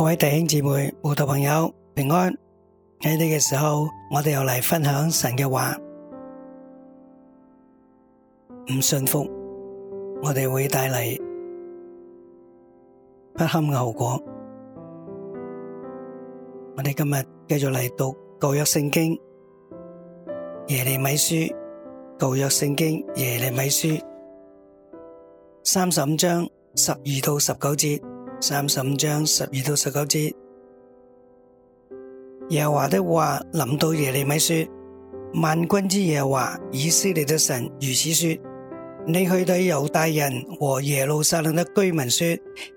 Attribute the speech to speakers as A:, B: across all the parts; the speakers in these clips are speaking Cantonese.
A: 各位弟兄姊妹、信徒朋友平安。喺呢嘅時候，我哋又嚟分享神嘅話。唔信服，我哋會帶嚟不堪嘅後果。我哋今日繼續嚟讀舊約聖經耶利米書，舊約聖經耶利米書三十五章十二到十九節。三十五章十二到十九節，節耶華的話臨到耶利米說：萬軍之耶華以色列的神如此說：你去對猶大人和耶路撒冷的居民說：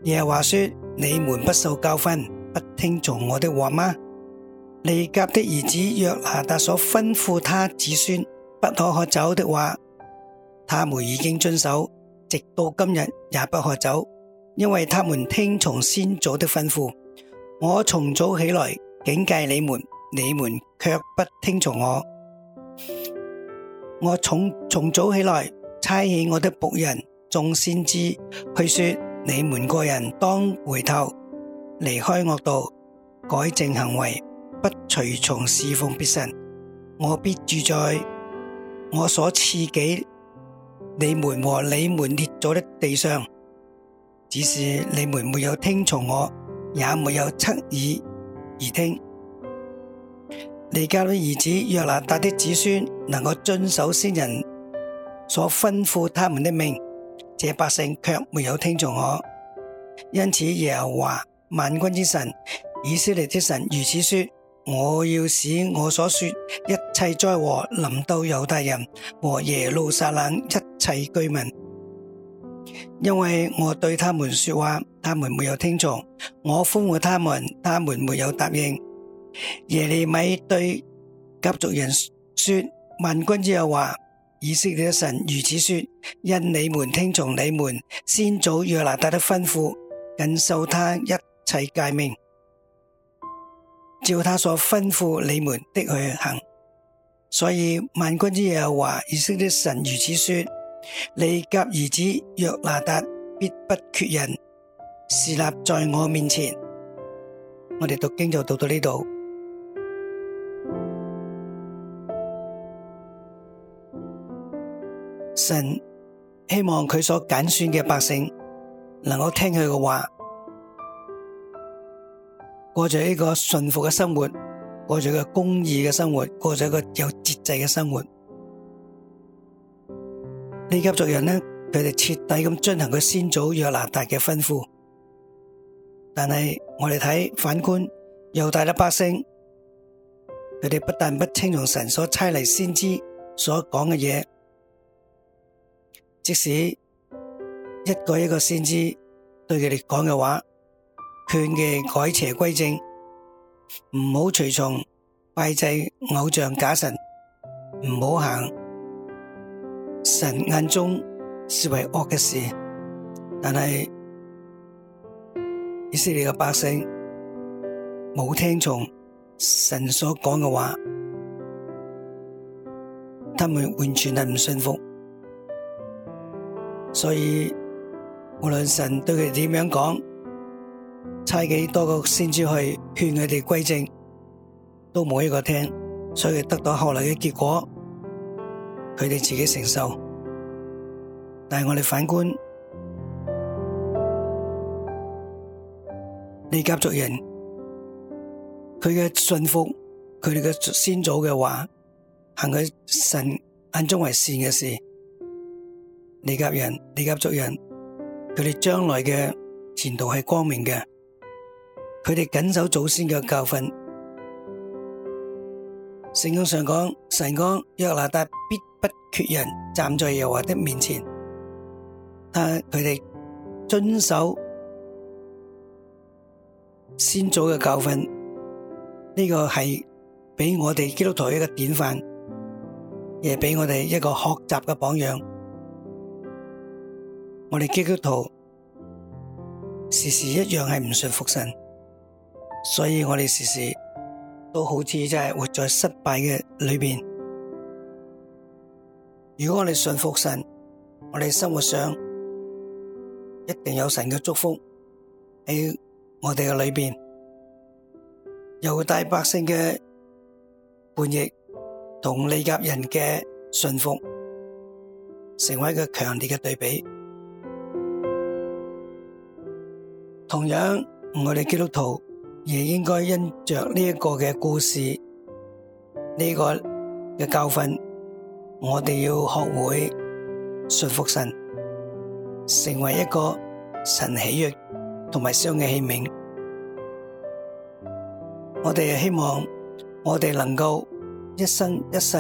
A: 耶華說：你們不受教訓，不聽從我的話嗎？利甲的兒子約拿達所吩咐他子孫不可喝酒的話，他們已經遵守，直到今日也不喝酒。因為他們聽從先祖的吩咐，我從早起來警戒你們，你們卻不聽從我。我重從，從早起來差遣我的僕人眾先知，去說：你們個人當回頭，離開惡道，改正行為，不隨從侍奉別神，我必住在我所賜給你們和你們列祖的地上。只是你們沒有聽從我，也沒有側耳而聽。利甲的兒子約拿達的子孫能夠遵守先人所吩咐他們的命，這百姓卻沒有聽從我。因此耶和華萬軍之神、以色列之神如此說：我要使我所說一切災禍臨到猶大人和耶路撒冷一切居民。因為我對他們說話，他們沒有聽從；我呼喚他們，他們沒有答應。耶利米對甲族人說，萬軍之耶和華，以色列的神如此說：因你們聽從你們先祖約拿達的吩咐，忍受他一切誡命，照他所吩咐你們的去行，所以萬軍之耶和華，以色列的神如此說。利甲兒子若拿達必不缺人，事立在我面前。我哋讀經就讀到呢度。神希望佢所揀選嘅百姓能夠聽佢嘅話，過住呢個順服嘅生活，過住個公義嘅生活，過住一個有節制嘅生活。四級族人呢，佢哋徹底咁進行佢先祖約拿達嘅吩咐，但係我哋睇反觀猶大嘅百姓，佢哋不但不清用神所差嚟先知所講嘅嘢，即使一個一個先知對佢哋講嘅話，勸嘅改邪歸正，唔好隨從拜祭偶像假神，唔好行。神眼中視為惡嘅事，但係以色列嘅百姓冇聽從神所講嘅話，他們完全係唔信服，所以無論神對佢哋點樣講，差幾多個先至去勸佢哋歸正，都冇一個聽，所以得到後來嘅結果。佢哋自己承受，但係我哋反觀利甲族人，佢嘅信服，佢哋嘅先祖嘅話，行佢神眼中為善嘅事，利甲人、利甲族人，佢哋將來嘅前途係光明嘅，佢哋謹守祖先嘅教訓。聖經上講，神講約拿達必。缺人站在耶和華的面前，但佢哋遵守先祖嘅教訓，呢、這個係俾我哋基督徒一個典範，亦俾我哋一個學習嘅榜樣。我哋基督徒時時一樣係唔信服神，所以我哋時時都好似真係活在失敗嘅裏邊。如果我哋信服神，我哋生活上一定有神嘅祝福喺我哋嘅裏邊。猶大百姓嘅叛逆同利甲人嘅信服，成為一個強烈嘅對比。同樣，我哋基督徒亦應該因着呢一個嘅故事，呢、這個嘅教訓。我哋要學會順服神，成為一個神喜悦同埋傷嘅器皿。我哋希望我哋能夠一生一世，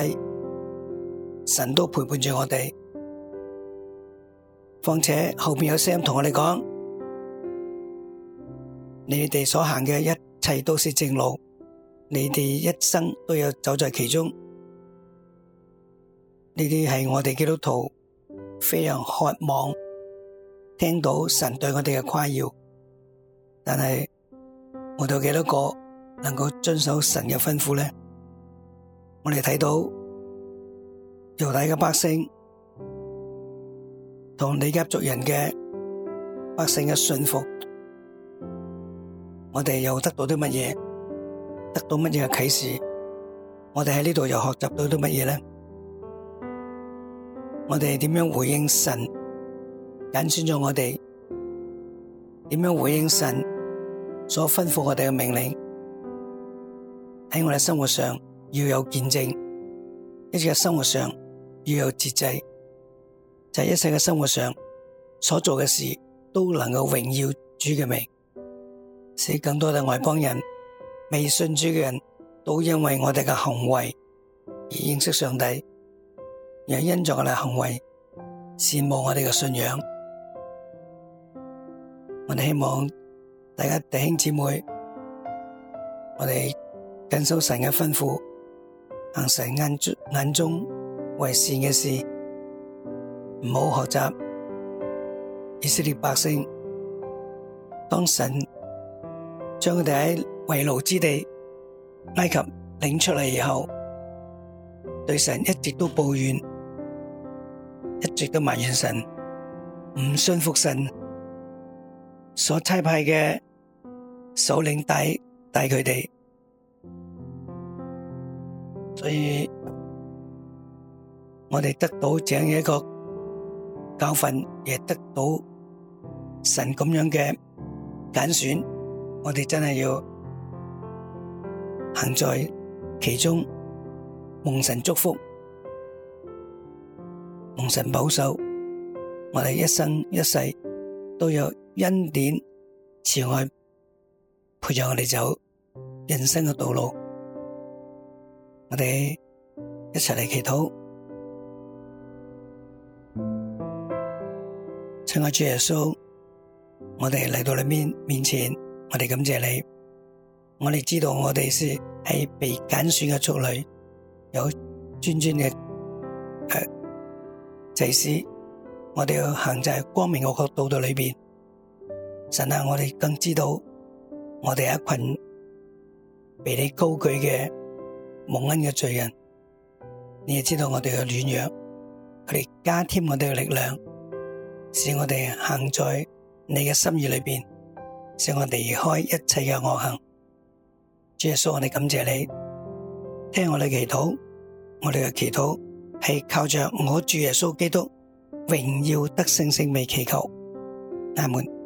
A: 神都陪伴住我哋。況且後面有聲音同我哋講，你哋所行嘅一切都是正路，你哋一生都有走在其中。呢啲係我哋基督徒非常渴望聽到神對我哋嘅誇耀，但係我哋有幾多個能夠遵守神嘅吩咐咧？我哋睇到猶太嘅百姓同利甲族人嘅百姓嘅信服，我哋又得到啲乜嘢？得到乜嘢嘅啟示？我哋喺呢度又學習到啲乜嘢咧？我哋點樣回應神？揀選咗我哋點樣回應神所吩咐我哋嘅命令？喺我哋生活上要有見證，一切嘅生活上要有節制，就係、是、一切嘅生活上所做嘅事都能夠榮耀主嘅名，使更多嘅外邦人未信主嘅人都因為我哋嘅行為而認識上帝。又因着嘅行為羨慕我哋嘅信仰。我哋希望大家弟兄姊妹，我哋謹守神嘅吩咐，行神眼眼中為善嘅事，唔好學習以色列百姓，當神將佢哋喺為奴之地埃及領出嚟以後，對神一直都抱怨。一直都埋怨神，唔信服神所差派嘅首領帶帶佢哋，所以我哋得到這樣一個教訓，亦得到神咁樣嘅揀選，我哋真係要行在其中，蒙神祝福。蒙神保守，我哋一生一世都有恩典慈愛陪住我哋走人生嘅道路。我哋一齊嚟祈禱，請我主耶穌，我哋嚟到你面面前，我哋感謝你。我哋知道我哋是係被揀選嘅族類，有尊尊嘅。啊即使我哋要行在光明嘅國度裏邊，神啊，我哋更知道我哋係一群被你高舉嘅蒙恩嘅罪人，你也知道我哋嘅軟弱，佢哋加添我哋嘅力量，使我哋行在你嘅心意裏邊，使我哋離開一切嘅惡行。主耶穌，我哋感謝你，聽我哋祈禱，我哋嘅祈禱。係靠着我主耶穌基督榮耀得勝聖名祈求，阿門。